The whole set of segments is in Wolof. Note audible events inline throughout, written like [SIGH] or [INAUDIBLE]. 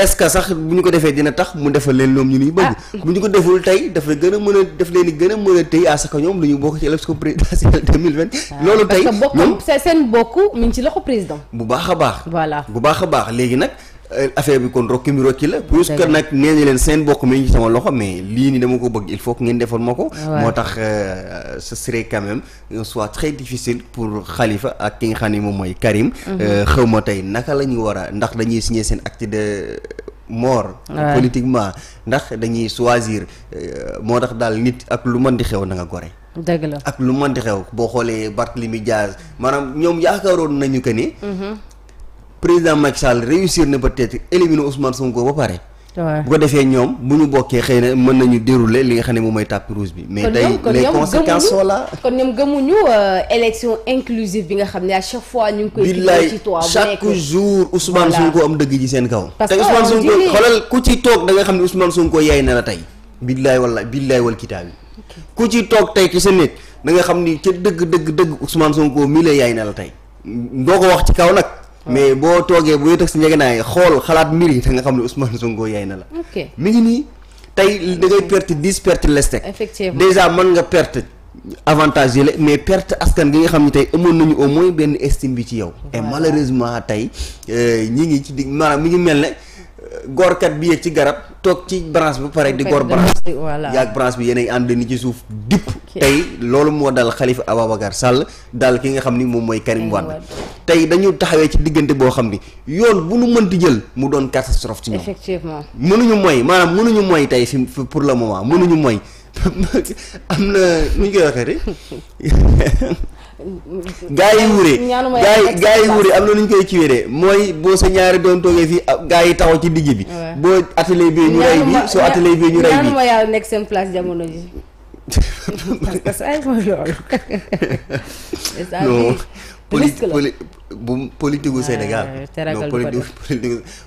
est-ce sax bu ñu ko defee dina tax mu defal leen ñoom ñu ni bëgg ah. bu ñu ko deful tey dafa gën a mën a daf leen di gën a mën a tey à ñoom lu ñu bokk ci élection présidentielle 2020 ah. loolu tey ñoom seen bokk mi ngi ci loxo président bu baax a baax voilà bu baax a baax léegi nag Euh, affaire bi kon rokki mi rokki la puisque nag nee na leen seen bokk mi ngi sama loxo mais lii ni dama ko bëgg il faut que ngeen defal ma ko moo tax sa euh, serait quand même un choix très difficile pour Khalifa ak ki nga xam ne moom mooy Karim mhm. euh, xaw ma tey naka la ñu war a ndax dañuy signer seen acte de mort politiquement ndax dañuy choisir moo tax daal nit ak lu mën di xew na nga gore ak lu mën di xew boo xoolee Barthélemy Diaz maanaam ñoom yaakaaroon nañu que ni mhm. président Macky Sall réussir na peut-être éliminer Ousmane Sonko ba pare. bu ko defee ñoom bu ñu bokkee xëy na mën nañu dérouler li nga xam ne moom mooy tapis rouge bi. mais tey les conséquences sont là. kon ñoom gëmuñu euh, élection inclusive bi nga xam ne à chaque fois ñu ngi koy. billaay chaque jour Ousmane Sonko am dëgg ji seen kaw. parce que tey Ousmane Sonko xoolal ku ci toog da nga xam ne Ousmane Sonko yaay na la tey. billaay wala billaay wal kitaabi ku ci toog tey ci sa nekk da nga xam ni ca dëgg dëgg dëgg Ousmane Sonko mii la yaay na la tey doo ko wax ci kaw nag. mais boo toogee boo teg si njëgënaay xool xalaat mbir yi nga xam ne Ousmane Sonko yaay na la. ok mi ngi nii tey da ngay perte dix perte les teg. effectivement déjà mën nga perte avantage yi la mais perte askan gi nga xam ne tey amoon nañu au moins benn estime bi ci yow. et malheureusement tey euh, ñi ngi ci dig maanaam mi ngi mel ne. goorkat bi yéeg ci garab toog ci branche ba pare di goor branche yaag branche bi yéen ay ànd ni ci suuf dipp tey loolu moo dal Khalifa Ababacar Sall dal ki nga xam ni moom mooy Karim Wade tey dañu taxawee ci diggante boo xam ni yoon bu nu mënti jël mu doon catastrophe ci ñoom effectivement mënuñu mooy maanaam mënuñu mooy tey fi pour le moment mënuñu mooy [LAUGHS] am na nu ñu koy waxee [LAUGHS] gaa yi wuure gaa yi gaa yi wuure am na lu ñu koy kiwee de mooy boo sa ñaari doon toogee fii ah, gaa yi taxaw ci digg bi. boo atelier bi ñu rey bi soo atelier bi ñu rey bi nekk seen place jamono ji [LAUGHS] que saa yi mooy politique bu politique gu ah, Sénégal. teragal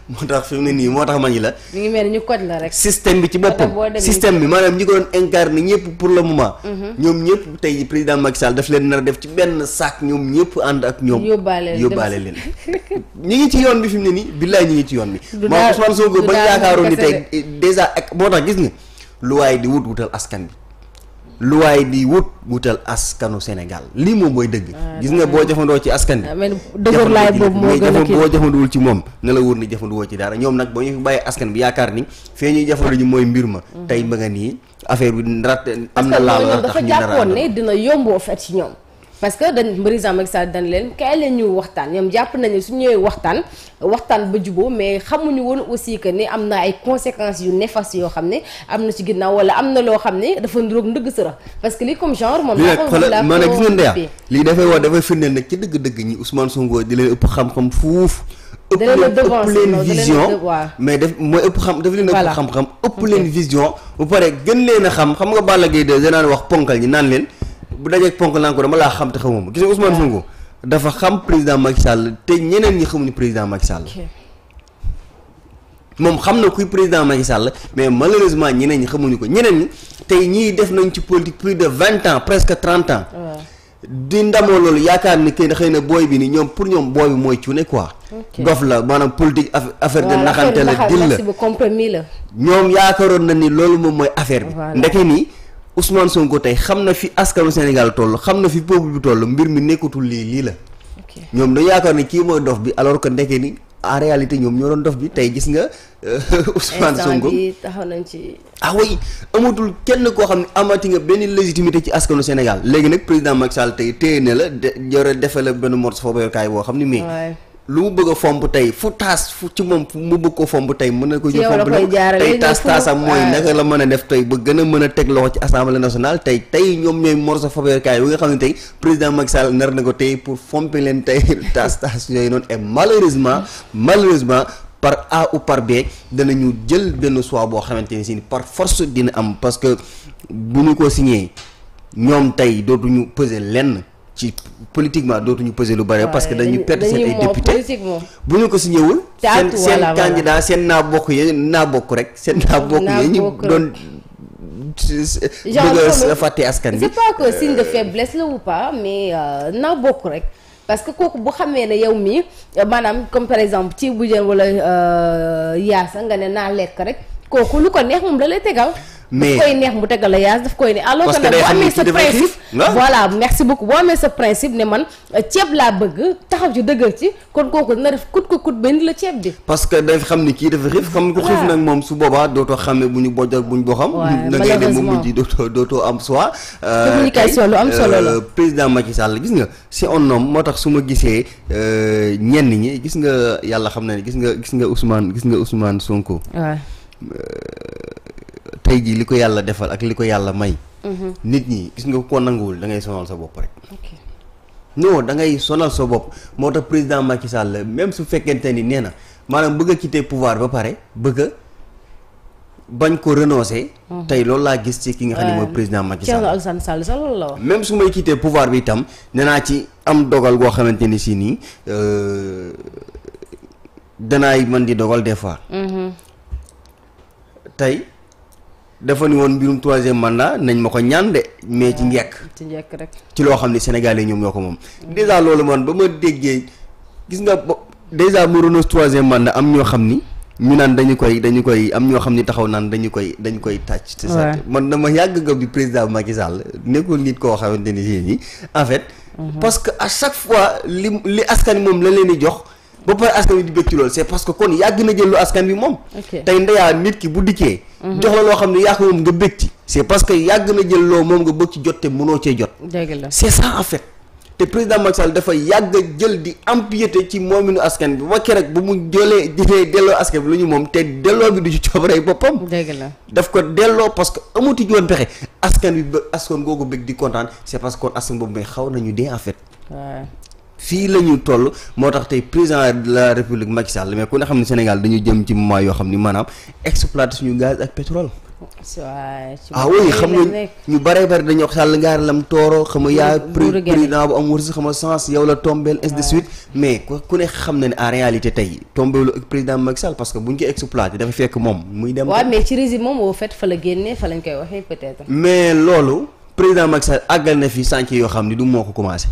moo tax fi mu ne nii moo tax ma ñu la. mi ngi mel ni ñu koj la rek. système bi ci boppam système bi maanaam ñi ko doon incarné ñëpp pour le moment. Mhm. ñoom ñëpp tey président Macky Sall daf leen nar a def ci benn saak ñoom ñëpp ànd ak ñoom. yóbbaale yóbbaale leen. [LAUGHS] ñi ngi ci yoon bi fi mu ne nii billaay ñi ngi ci yoon bi. du daal du daal ba yaakaaroon ni tey dèjà eh, ak moo tax gis nga. lu waay di wut wutal askan bi. lu waay di wut wutal askanu Sénégal lii moom mooy dëgg. Ah, gis nga boo jafandoo ci askan bi. Ah, dëgër laay boobu moo gën a kii boo jëfanduwul ci moom na la wóor ni jëfanduwoo ci dara ñoom nag boo ñu fi bàyyi askan bi yaakaar ni fee ñuy jëfandu ñu mooy mbir ma. Mm-hmm. tey ba nga nii affaire bi rat am na. laal la tax ñu dara dafa jàppoon ne dina yomboo fet ci ñoom. parce que dañ président Macky Sall dañ leen kaay leen ñu waxtaan ñoom jàpp nañu su ñëwee waxtaan waxtaan ba juboo mais xamuñu woon aussi que ni am na ay conséquence yu néfastes yoo xam ne am na si ginnaaw wala am na loo xam ne dafa nduróog ndëgg sëra parce que li comme genre moom la maa nag gis ngeen deya lii dafay wax dafay firndeel nag ci dëgg xam-xam fuuf ëpp leen ëpp mais daf mooy ëpp xam daf leen ëpp xam-xam ëpp leen vision bu pare gën leen a xam xam nga Balla Gaye de danaan wax ponkal ñi naan leen bu dajeeg ponk naan ko dama laa xam te xamuma gis nga Ousmane Sonko dafa xam président Macky Sall te ñeneen ñi xamuñu président Macky Sall. moom xam na kuy président Macky Sall mais malheureusement ñeneen ñi xamuñu ko ñeneen ñi tey ñii def nañ ci politique plus de vingt ans presque trente ans. di ndamoo loolu yaakaar ni kenn xëy na booy bi ni ñoom pour ñoom booy bi mooy cuune quoi. gof la maanaam politique affaire de naxante la. dil la ñoom yaakaaroon na ni moom mooy affaire Ousmane Sonko tey xam na fi askanu Sénégal toll xam na fi peuple bi toll mbir mi nekkatul lii lii la. ñoom dañu yaakaar ni kii mooy dof bi alors que ndeke ni en réalité ñoom ñoo doon dof bi tey gis nga. Euh, [LAUGHS] Ousmane Sonko taxaw nañ ci. ah oui amatul kenn koo xam ne amati nga benn légitimité ci askanu Sénégal léegi nag président Macky Sall tey téye ne la de jore defe la benn morceau foofu kaay boo xam ni mais. lu mu bëgg fomp tey fu taas fu ci moom fu mu bëgg ko fomp tey mën na ko ñu fomp tey taas taasam mooy naka la mën a def tey ba gën a mën a teg loxo ci assemblée national tey tey ñoom ñooy morso fabeerkaay bi nga xam ne tey président Macky Sall nar na ko tey pour fompe leen tey [LAUGHS] taas taas yooyu noonu et malheureusement malheureusement par A ou par B ñu jël benn choix boo xamante ne si par force dina am parce que bu ñu ko signé ñoom tey dootuñu peser lenn ci politiquement dootuñu peser lu bare parce que dañu perte seen ay député bu ñu ko si ñëwul seen seen seen naa bokk yi naa bokk rek seen naa bokk yi ñu doon bëgg fàtte askan bi c'est pas que signe de faiblesse la ou pas mais euh, naa bokk rek parce que kooku bu xamee ne yow mi maanaam comme par exemple ci bu jën wala euh, yaasa nga ne naa lekk rek kooku lu ko neex moom la lay tegal mais daf koy neex mu tegal la yaas daf koy ne alors que nag boo amee sa principe ne man euh, ceeb laa bëgg taxaw ci dëgër ci kon kooku dina def kut ko kut benn la ceeb bi parce que daf xam ni kii dafa xiif xam ko xiif nag moom su boobaa dootoo xamee bu ñu bojj ak bu ñu boxam da ngay dem mu mujj dootoo dootoo am soi euh, communication lu am solo la euh, président Macky Sall gis nga si on nom moo tax su ma gisee ñenn ñi gis nga yàlla xam na ne gis nga gis nga Ousmane gis nga Ousmane Sonko tey jii li ko yàlla defal ak li ko yàlla may. Mhm. nit ñi gis nga ko nanguwul da ngay sonal sa bopp rek. non da ngay sonal sa bopp moo tax président Macky Sall même su fekkente ni nee na maanaam bëgg a quitter pouvoir ba pare bëgg bañ ko renoncer. Mhm. tey loolu laa gis ci ki nga xam euh, mooy président Macky Sall. Thierno Alassane Sall sax la wax. même su may kiitee pouvoir bi itam nee naa ci am dogal goo xamante ni si nii euh, danaay mën di dogal des fois. Mhm. tey. dafa ni woon mbirum troisième mandat nañ ma ko ñaan de mais ci njekk ah, ci njekk rek ci loo xam ne sénégalais ñoom ñoo ko moom dèjà loolu man ba ma déggee gis nga dèjà moronos troisième mandat am ñoo xam ni ñu naan dañu koy dañu koy am ñoo xam ni taxaw naan dañu koy dañu koy tàcc c'est ça man dama yàgg nga bi président Macky Sall nekkul nit koo xamante ni si en fait mm-hmm. parce que à chaque fois li li askan moom la leen di jox ba pare askan wi di bëgg que kon yàgg na jël lu askan bi moom. tey ndeyaa nit ki bu dikkee. Mhm. jox la loo xam ne yaa nga bëgg ci. parce que yàgg na jël moom nga bëgg ci jot te mënoo cee jot. dëgg la c'est ça en fait. te président Macky Sall dafa yàgg jël di askan bi ba keroog bu mu jëlee jëlee delloo askan bi lu ñu moom te delloo bi du ci coobaree boppam. dëgg la daf ko delloo parce que amatu ci woon pexe askan bi ba askan googu bëgg di kontaan c'est parce que kon askan boobu may xaw nañu dee en fait. fii la ñu toll moo tax tey président de la république Macky Sall mais ku ne xam ne Sénégal dañu jëm ci moment yoo xam ni maanaam exploité suñu gaz ak pétrole. ah oui xam nga ñu bare bare dañuy wax sàll lam tooro xam nga yaa président bu am wërsëg xam sens yow la tombeel ainsi mais ku ne xam na ne en réalité tey tombeelu ak président Macky Sall parce que buñ ko exploité dafa fekk moom muy dem waaw mais moom au fait fa la génnee lañ koy waxee peut-être mais loolu président Macky Sall àggal na fi sànc yoo xam ni du moo ko commencé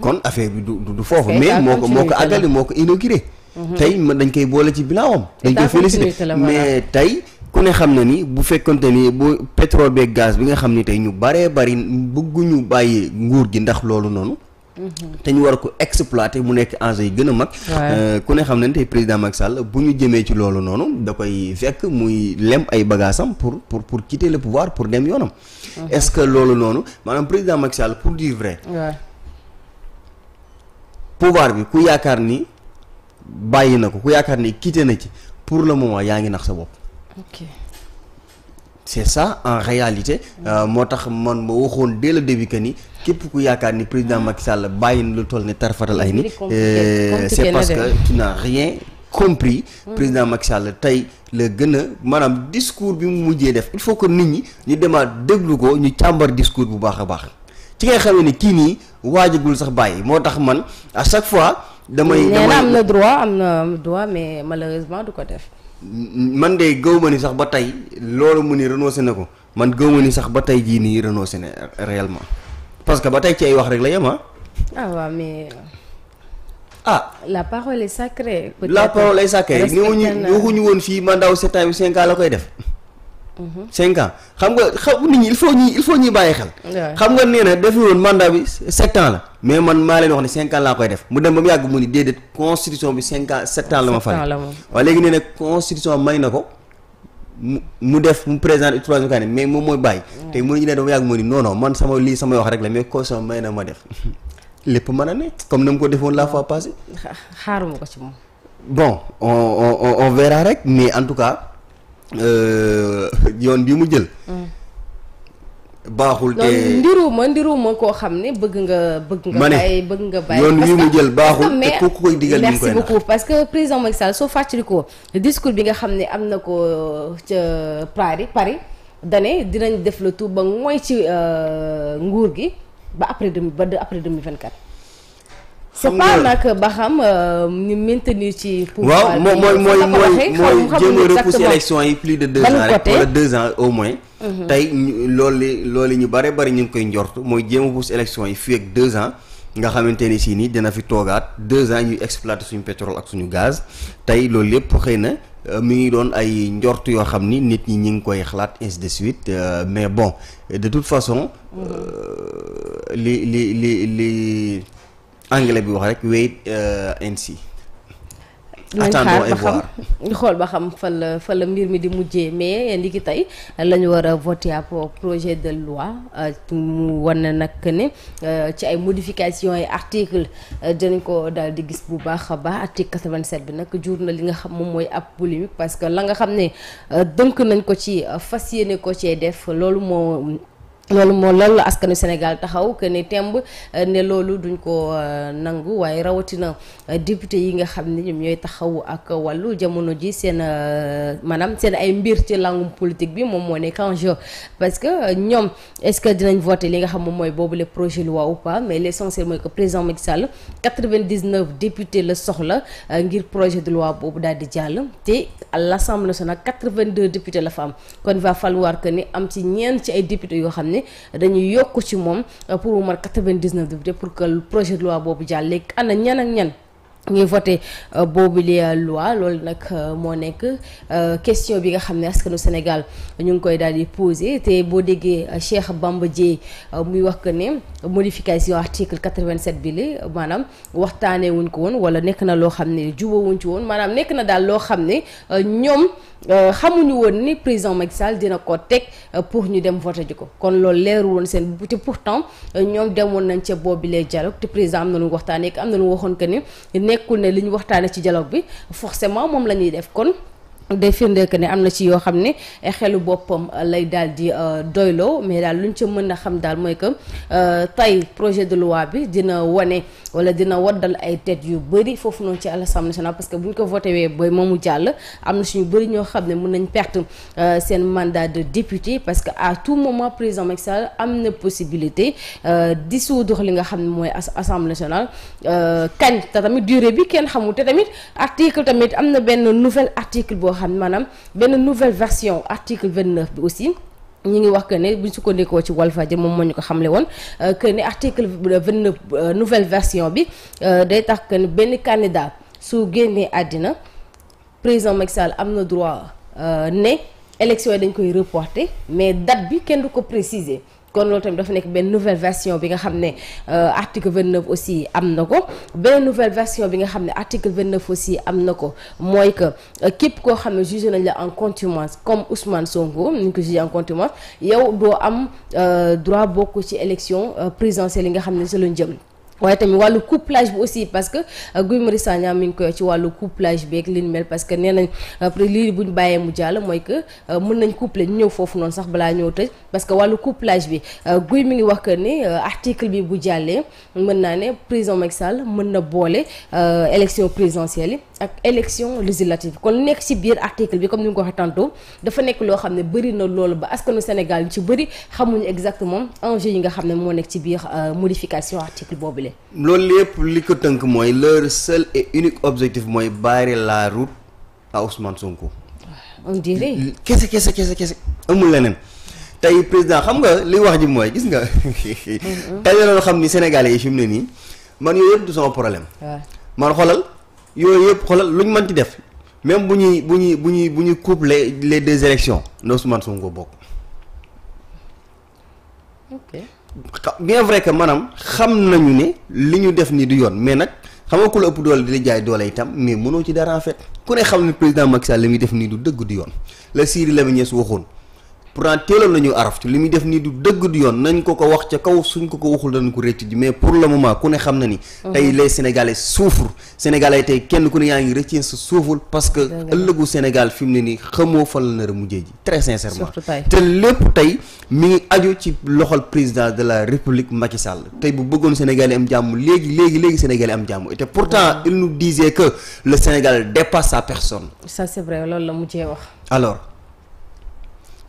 kon affaire bi du du foofu mais moo ko moo ko àggali moo ko inauguré mhm. tey man dañ koy boole ci bilaawam dañ koy félicité mais tey ku ne xam na ni bu fekkonte ni bu pétrole beeg gaz bi nga xam ni tey ñu baree bari bëgguñu bàyyi nguur gi ndax loolu noonu mhm. te ñu war ko exploiter mu nekk enjeu yi gën a mag euh, ku ne xam ne tey président Macky Sall bu ñu jëmee ci loolu noonu da koy fekk muy lem ay bagaasam pour pour pour quitter le pour dem yoonam mhm. est-ce que loolu noonu maanaam président Macky pour dire vrai pouvoir bi ku yaakaar ni bàyyi na ko ku yaakaar ni quitté na ci pour le moment yaa ngi nax sa bopp. ok c'est ça en réalité. Euh, moo tax man ma waxoon dès le début que ni képp ku yaakaar ni président Macky Sall bàyyi na lu toll ni tarfatal ay ni euh, c'est parce que tu n'as rien compris mm. président Macky Sall tey la gën a maanaam discours bi mu mujjee def il faut que nit ñi ñu demaat déglu ko ñu càmbar discours bu baax a baax. ci ngay xamee ni kii nii waajagul sax bàyyi moo tax man à chaque fois. damay damay am na am na droit mais malheureusement du ko def. man de gëw ma ni sax ba tey loolu mu ni renoncé na ko man gëw ma ni sax ba tey jii nii renoncé na réellement parce que ba tey ci ay wax rek la yema ah. ah. waaw mais. ah la parole est sacrée. peut-être la parole est sacrée. respecté naa waxuñu woon fii mandat wu sept ans bi cinq ans la koy def. Mhm. cinq ans xam nga xaw nit ñi il faut ñuy il faut ñuy bàyyi xel. xam nga nee na defi woon mandat bi sept ans la. mais man maa leen wax ne cinq ans laa koy def mu dem ba mu yàgg mu ni déedéet constitution bi cinq ans sept ans la ma fal. waaw léegi nee na constitution may na ko mu mu def mu présenté troisième candidat mais moom mooy bàyyi. te mënuñu ne dama yàgg mu ni non man sama lii samay wax rek la mais constitution may na ma def [LAUGHS] lépp mën a ne comme na mu ko defoon la fois passée. xaaruma ko ci moom. Euh, yoon bi mu jël. Mm. baaxul te ndiruma ndiruma koo xam ne bëgg nga bëgg nga bàyyi bëgg nga bàyyi yoon wi mu jël baaxul te ku koy digal merci beaucoup parce que président Macky Sall soo fàttalikoo discours bi nga xam ne am na ko euh, ca Paris Paris dane dinañ def le tout ba mooy ci euh, nguur gi ba après ba après 2024 c'est pas nag ba xam euh, ñu maintenir ci. pouvoir waaw moom mooy mooy mooy mooy jéem a repousser élection yi plus de deux ans rek wala ans au moins. Mhm. tey loolu loolu ñu bare bari ñu ngi koy njort mooy jéem a repousser élection yi fii ak deux ans. nga xamante ni si nii dina fi toogaat deux ans ñuy exploiter suñu pétrole ak suñu gaz tey loolu lépp xëy na euh, mi ngi doon ay njort yoo xam ni nit ñi ñu ngi koy xalaat ainsi de suite euh, mais bon de toute façon. Mhm. li li li li. anglais bi wax rek wait uh, and see. attendons et voir [LAUGHS] xool ba xam fa la fa la mbir mi di mujjee mais ndiki tey la ñu war a voté ab projet de loi uh, mu wan na nag ne uh, ci ay modifications yi article dinañ ko daal di gis bu baax a baax article 87 bi nag jur na li nga xam moom mooy ab polémique parce que la nga xam ne dënk nañ ko ci fas yéene ko cee def loolu moo. loolu moo loolu la askanu Sénégal taxaw que ni temb euh, ne loolu duñ ko euh, nangu waaye rawatina euh, député yi nga xam ne ñoom ñooy taxaw ak wàllu jamono ji seen maanaam seen ay mbir ci langum politique bi moom moo nekk en jeu parce que ñoom est-ce que dinañ voter li nga xam moom mooy boobu le projet loi ou pas mais l'essentiel mooy que président Macky Sall la soxla ngir projet de loi boobu daal di jàll te à l'Assemblée nationale 82 députés la fa am kon va falloir que ni am ci ñeen ci ay députés yoo xam ne ne dañuy yokk ci moom euh, pour mu mat 99 députés pour que projet de loi boobu jàll léegi ana ñan ak ñan ñuy voté euh, boobu li euh, loi loolu nag euh, moo nekk question bi nga xam ne askanu Sénégal ñu ngi koy daal di posé te boo déggee Cheikh Bamba Dièye muy wax que ne modification article 87 bi li maanaam waxtaanee wuñ ko woon wala nekk na loo xam ne jubawuñ ci woon maanaam nekk na daal loo xam ne ñoom xamuñu woon ni président Macky Sall dina ko teg pour ñu dem voté ji ko kon loolu leeru woon seen te pourtant ñoom demoon nañ ca boobu les dialogue te président am na lu waxtaanee am na lu waxoon que ni. nekkul ne li ñu waxtaanee ci dialogue bi forcément moom la ñuy def kon day firndeel que am na ci yoo xam ne eh, xelu boppam lay daal di euh, doyloo mais daal lu ñu ci mën a xam daal mooy que euh, tey projet de loi bi dina wane wala dina waddal ay tête yu bëri foofu noonu ci l'Assemblée nationale parce que bu ñu ko voté wee ba moomu jàll am suñu bëri ñoo xam ne mën nañ perte euh, seen mandat de député parce que à tout moment président Macky Sall am na possibilité dissoudre li nga xam ne mooy Assemblée nationale kañ te tamit durée bi kenn xamul te tamit article tamit am na benn nouvel article boo. xam maanaam benn nouvelle version article 29 bi aussi ñi ngi wax que ne buñ sukkandikoo ci wall Walfadjri moom moo ñu ko xamle woon euh, que ni article 29 euh, nouvelle version bi euh, day tax que ni benn candidat soo génnee àddina président Macky Sall am na droit ne élection yi dañ koy reporter mais date bi kenn du ko préciser kon loolu tamit dafa nekk benn nouvelle version bi nga xam ne euh, article 29 aussi am na ko beneen nouvelle version bi nga xam ne article 29 aussi am na ko mooy que euh, képp koo xam ne jugé nañ la en contumace comme Ousmane Sonko ni ko jugé en contumace yow doo am euh, droit bokk ci élection présidentielle yi nga xam ne sa lañ jëm waaye tamit wàllu couplage bi aussi parce que euh, Guy Marius Sagna mi ngi koy ci wàllu couplage bi ak li mel parce que neena nañ lii buñ bàyyee mu jàll mooy que euh, mën nañ coupler ñu ñëw foofu sax balaa ñëw tëj parce que wàllu couplage bi euh, Guy mi wax que ni article bi bu jàllee mën naa ne président Macky Sall mën na boole élection présidentielle yi ak élection législative kon li nekk ci biir article bi comme ni nga ko waxee tantôt dafa nekk loo xam ne bari na loolu ba askanu Sénégal yu ci bëri xamuñu exactement enjeu yi nga xam ne moo nekk ci biir modification article boobu loolu yépp li ko tënk mooy leur seul et unique objectif mooy barrer la route à Ousmane Sonko. on dirait. kese kese kese kese amul leneen tey président xam nga li wax ji mooy gis nga. Mm-hmm. tey loolu xam ni Sénégalais yi fi mu ne nii man yooyu yëpp du sama problème. man xolal yooyu yëpp xolal luñ mën ci def même bu ñuy bu ñuy bu ñuy bu ñuy couplé les des élections na Ousmane Sonko bokk. bien vrai que maanaam xam nañu ni li ñu def nii du yoon mais nag xam nga ku la ëpp doole di la jaay doole itam mais mënoo ci dara en fait ku ne xam ne président Macky Sall li muy def nii du dëgg du yoon la Sidy Lamine Niasse waxoon. pourtant teeloon nañu araftu li muy def nii du dëgg du yoon nañ ko ko wax ca kaw suñ ko ko waxul dañ ko rëcc ji mais pour le moment ku ne xam na ni. Mhm. tey les sénégalais souffrent sénégalais tey kenn ku ne yaa ngi rëccee sa suuful parce que ëllëgu Sénégal fi mu ne nii xamoo fan la nar a mujjee ji très sincèrement. te lépp tey mi ngi aju ci loxol président de la république Macky Sall tey bu bëggoon sénégalais am jàmm léegi léegi léegi sénégalais am jàmm te pourtant mhm. il nous disait le Sénégal dépasse sa personne. ça c'est vrai loolu la mujjee wax. alors.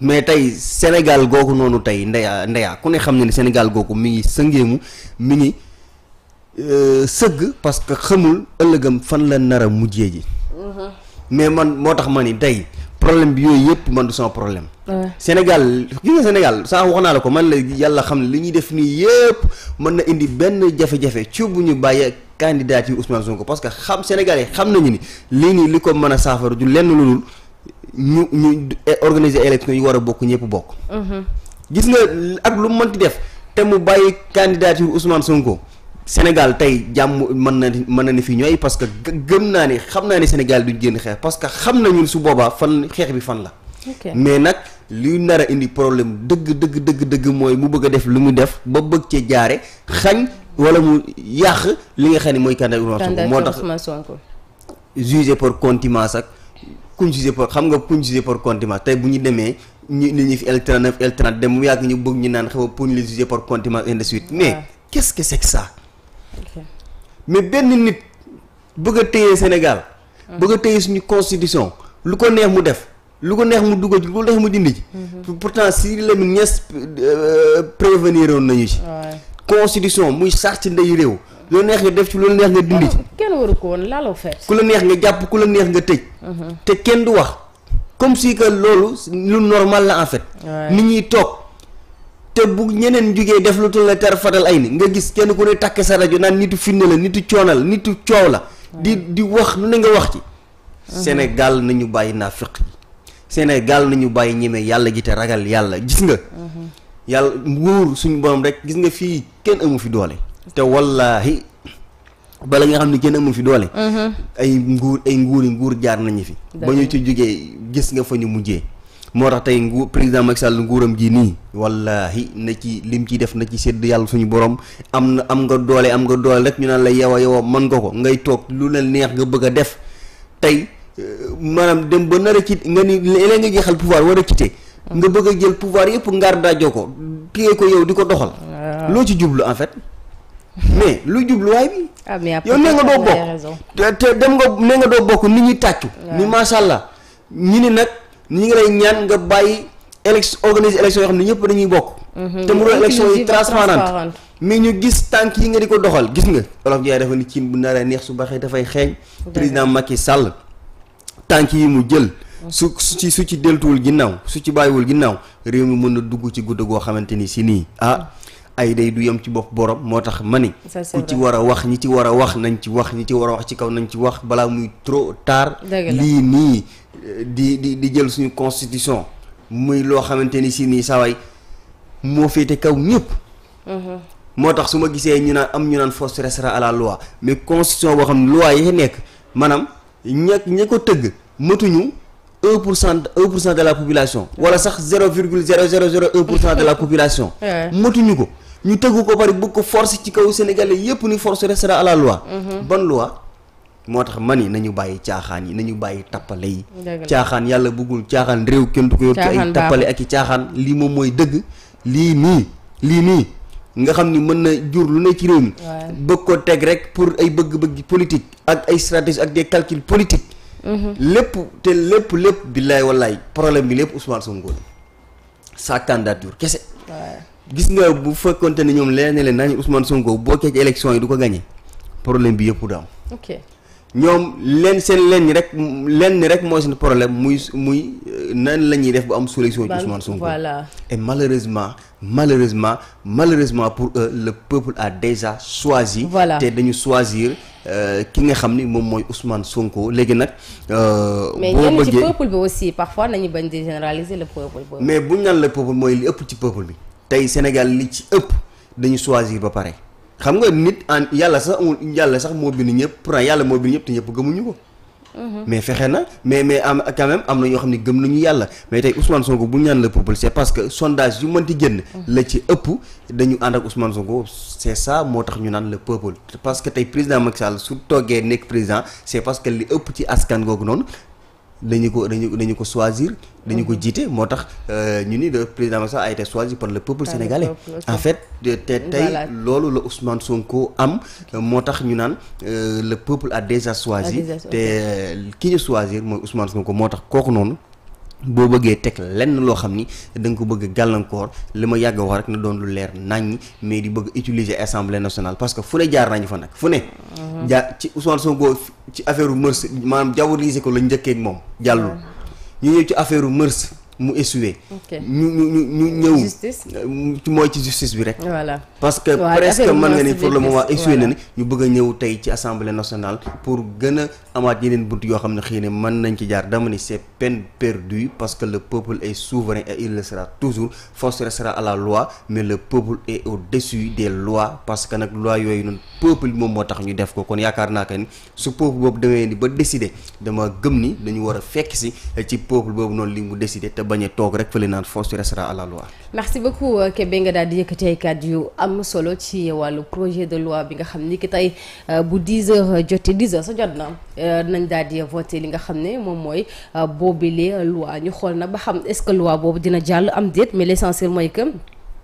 mais tey Sénégal googu noonu tey ndeya ndeya ku ne xam ne ni Sénégal googu mi ngi sëngeemu mi ngi euh, sëgg parce que xamul ëllëgam fan la nar a ji. Mm-hmm. mais man moo tax ma ni tey problème bi yooyu yëpp man du sama problème. Sénégal gis saa wax naa la ko man la yàlla xam li ñuy def nii mën na indi benn jafe ci bu ñu bàyyee candidat yi Ousmane Sonko parce que xam Sénégal yi xam nañu ni lii nii li ko mën a saafara du lenn lu dul ñu ñu eh, organiser élection yu war a bokk ñëpp bokk. Mhm. gis nga ak lu mu mënti def te mu bàyyi candidature Ousmane Sonko Sénégal tey jàmm mën na mën na ni fi ñooy parce que gën naa ne xam naa ne Sénégal duñ génn xeex parce que xam nañu su boobaa fan xeex bi fan la. mais nag luy nar a indi problème dëgg dëgg dëgg dëgg mooy mu bëgg a def lu mu def ba bëgg cee jaare xañ wala mu yàq li nga xam ne mooy candidature Ousmane Sonko moo tax jugé pour contumace ak. kuñ jugé pour xam nga kuñ jugé pour contumace tey bu ñu demee ñu li ñuy fi L39 dem mu yàgg ñu bëgg ñu naan xaw pour ñu la pour contumace et de suite mais qu'est-ce que c'est que ça mais benn nit bëgg a téye Sénégal bëgg a téye suñu constitution lu ko neex mu def lu ko neex mu dugg ci lu ko neex mu dindi ci mhm. pourtant si Lamine Niass euh, prévenir woon nañu ci constitution muy charte ndeyu réew lu neex nga def ci lu neex nga dindi ci. kenn waru ko woon laaloo fet ku la neex nga jàpp ku la neex nga tëj. Mhm. te kenn du wax comme si que loolu lu normal la en fait. nit ñuy toog te bu ñeneen jugee def lu tul la ter fatal ay ni nga gis kenn ku ne takk sa rajo naan nitu finne la nitu coonal nitu coow la. di di wax lu ne nga wax ci. Mhm. Sénégal nañu bàyyi naafiq yi Sénégal nañu bàyyi ñeme yàlla ji te ragal yàlla gis nga. Mhm. yàlla nguur suñu borom rek gis nga fii kenn amu fi doole. te wallaahi bala nga xam ne kenn amul fi doole. Mm-hmm. ay nguur ay nguuri nguur jaar nañu fi. ba ñu ci jógee gis nga fa ñu mujjee. moo tax tey nguur président Macky Sall nguuram gi nii wallaahi na ci lim ci def na ci sédd yàlla suñu borom am na am nga doole am nga doole rek ñu naan la yow a yow nga ko ngay toog lu la neex nga bëgg a def tey euh, maanaam dem ba nar a ci nga ni léeg nga jeexal pouvoir war a quitté nga bëgg jël pouvoir yëpp ngaar daajoo ko téye ko yow di ko doxal. ci jublu en fait. mais lu jubluwaay bi. ah mais yow nee nga doo bokk te dem nga nee nga doo bokk nit ñi tàccu. ni macha allah ñi ni nag ñi ngi lay ñaan nga bàyyi élec organiser élection yoo xam ne ñëpp dañuy bokk. Mhm. te mu doon élection yi transparente mais ñu gis tànk yi nga di ko doxal gis nga. olof Ndiaye dafa ni cin bu naree neex su baxee dafay xeeñ. président Macky Sall tànk yi mu jël. Mhm. su su ci su ci deltuwul ginnaaw su ci bàyyiwul ginnaaw réew mi mën na dugg ci guddo goo xamante ni si nii ah, ay day du yem ci bopp borom moo tax ma ni ku ci war a wax ñi ci war a wax nañ ci wax ñi ci war a wax ci kaw nañ ci wax balaa muy trop tard lii nii euh, di di di jël suñu constitution muy loo xamante ni si nii saway moo féete kaw ñëpp mm-hmm. moo tax su ma gisee ñu naan am ñu naan force restera à la loi mais constitution boo xam ne loi yi nekk maanaam ña ña ko tëgg matuñu un pour cent un la population wala sax zéro virgule zéro pour cent de la population [LAUGHS] matuñu ko ñu tëggu ko bari bëgg ko force ci kaw sénégalais yépp ni force restera à loi mhm. bonne loi moo tax man ni nañu bàyyi caaxaan yi nañu bàyyi tappale yi caaxaan yàlla bëggul caaxaan réew kenn du ko yor ci ay tappale ak i caaxaan lii moom mooy dëgg lii nii lii nii nga xam ni mën na jur lu ne ci réew mi bëgg ko teg rek pour ay bëgg-bëgg politique ak ay stratégie ak des calculs politiques mhm. lépp te lépp lépp billaay wallaay problème bi lépp Ousmane Sonko sa candidature kese gis nga bu fekkonte ne ñoom leen na leen nañu Ousmane Sonko bokkee ci élection yi du ko gagné problème bi yëpp du am. ñoom leen seen leen ñi rek leen ni rek mooy seen problème muy muy euh, nan la ñuy def bu am solution ci Ousmane Sonko voilà et malheureusement malheureusement malheureusement pour euh, le peuple a déjà choisi. voilà dañu choisir. Euh, ki nga xam ni moom mooy Ousmane Sonko léegi nag. boo bëggee mais mais buñ naan le peuple mooy li ëpp ci peuple bi. tey Sénégal li ci ëpp dañu choisir ba pare xam nga nit en yàlla sax amul sax moo bind ñëpp pourtant yàlla moo bind ñëpp te ñëpp gëmuñu ko. Mhm. mais fexe na mais mais am quand même am na ñoo xam ne gëm nañu yàlla mais tey Ousmane Sonko bu ñu naan le peuple c'est parce que sondage yu mënti génn. Mhm. la ci ëpp dañu ànd ak Ousmane Sonko c'est ça moo tax ñu naan le peuple parce que tey président Macky Sall su toogee nekk président c'est parce que li ëpp ci askan googu noonu nañu ko dañu dañu ko choisir dañu ko jiite moo tax euh, ñu ni le président sax Sall a été choisi par le peuple sénégalais en fait te tey loolu la Ousmane Sonko am moo tax ñu naan euh, le peuple a déjà choisi te euh, ki ñu choisir mooy Ousmane Sonko moo tax kooku noonu boo bëggee teg lenn loo xam ni danga ko bëgg gàllankoor li ma yàgg wax rek na doon lu leer naññ mais di bëgg utiliser assemblée nationale parce que fu ne jaar nañu fa nag fu ne. Mhm. jaar ci Ousmane Sonko ci affaire u mërs maanaam jaww ko la njëkkee moom jàllul mhm. ñu ñëw ci affaire mërs mu essuyer. ñu ñu ñu ñu ñëw. mooy ci justice bi rek. voilà na ñu bëgg ñëw tey ci assemblée nationale pour gën a amaat yeneen bunt yoo xam ne xëy na mën nañ ci jaar dama ni c'est peine perdue parce que le peuple est souverain et il le sera toujours force restera à la loi mais le peuple est au-dessus des lois parce que nag loi yooyu noonu peuple moom moo tax ñu def ko kon yaakaar naa que ni su peuple boobu demee ni ba décider dama gëm ni dañu war a fekk si ci peuple boobu noonu li mu décider bañ toog rek fële naan force restera à la loi. merci beaucoup euh, Kébé nga daal di yëkkati ay kàddu yu am solo ci wàllu projet de loi bi nga xam ni ki tey euh, bu 10 heures jotee 10 heures sa jot na euh, nañ daal di voté li nga xam ne moom mooy boobile loi ñu xool na ba xam est-ce que loi boobu dina jàll am déet mais l'essentiel mooy que.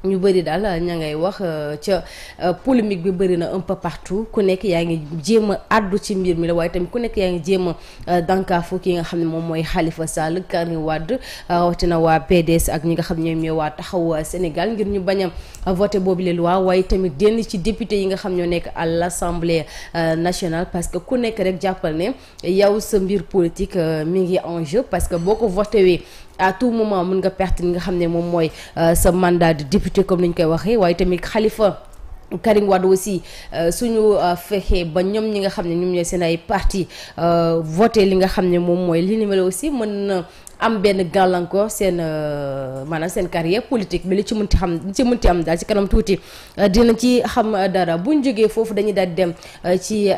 ñu bëri daal ña ngay wax euh, ca euh, polémique bi bëri na un peu partout ku nekk yaa ngi jéem a àddu ci mbir mi la waaye tamit ku nekk yaa ngi jéem a euh, dànkaafu ki nga xam ne moom mooy Khalifa Sall Karim Wade rawatina waa PDS ak ñi nga xam ñoom ñooy waa taxaw Sénégal ngir ñu bañ a voté boobu les lois waaye tamit denn ci député yi nga xam ñoo nekk à l'Assemblée nationale parce que ku nekk rek jàppal ne yow sa mbir politique mi ngi en jeu parce que boo ko voté wee à tout moment mun nga perte li nga xam ne moom mooy euh, sa mandat di député comme ni ñu koy waxee waaye tamit Khalifa Karim Wade aussi euh, suñu euh, fexee ba ñoom ñi nga xam ne ñoom ñooy seen ay parti voté li nga xam ne moom mooy li nu mel aussi mën na am benn gàllankoor seen maanaam seen carrière politique bi li ci mënti xam li ci mënti am daal ci kanam tuuti dina ci xam dara buñ jógee foofu dañuy daal dem ci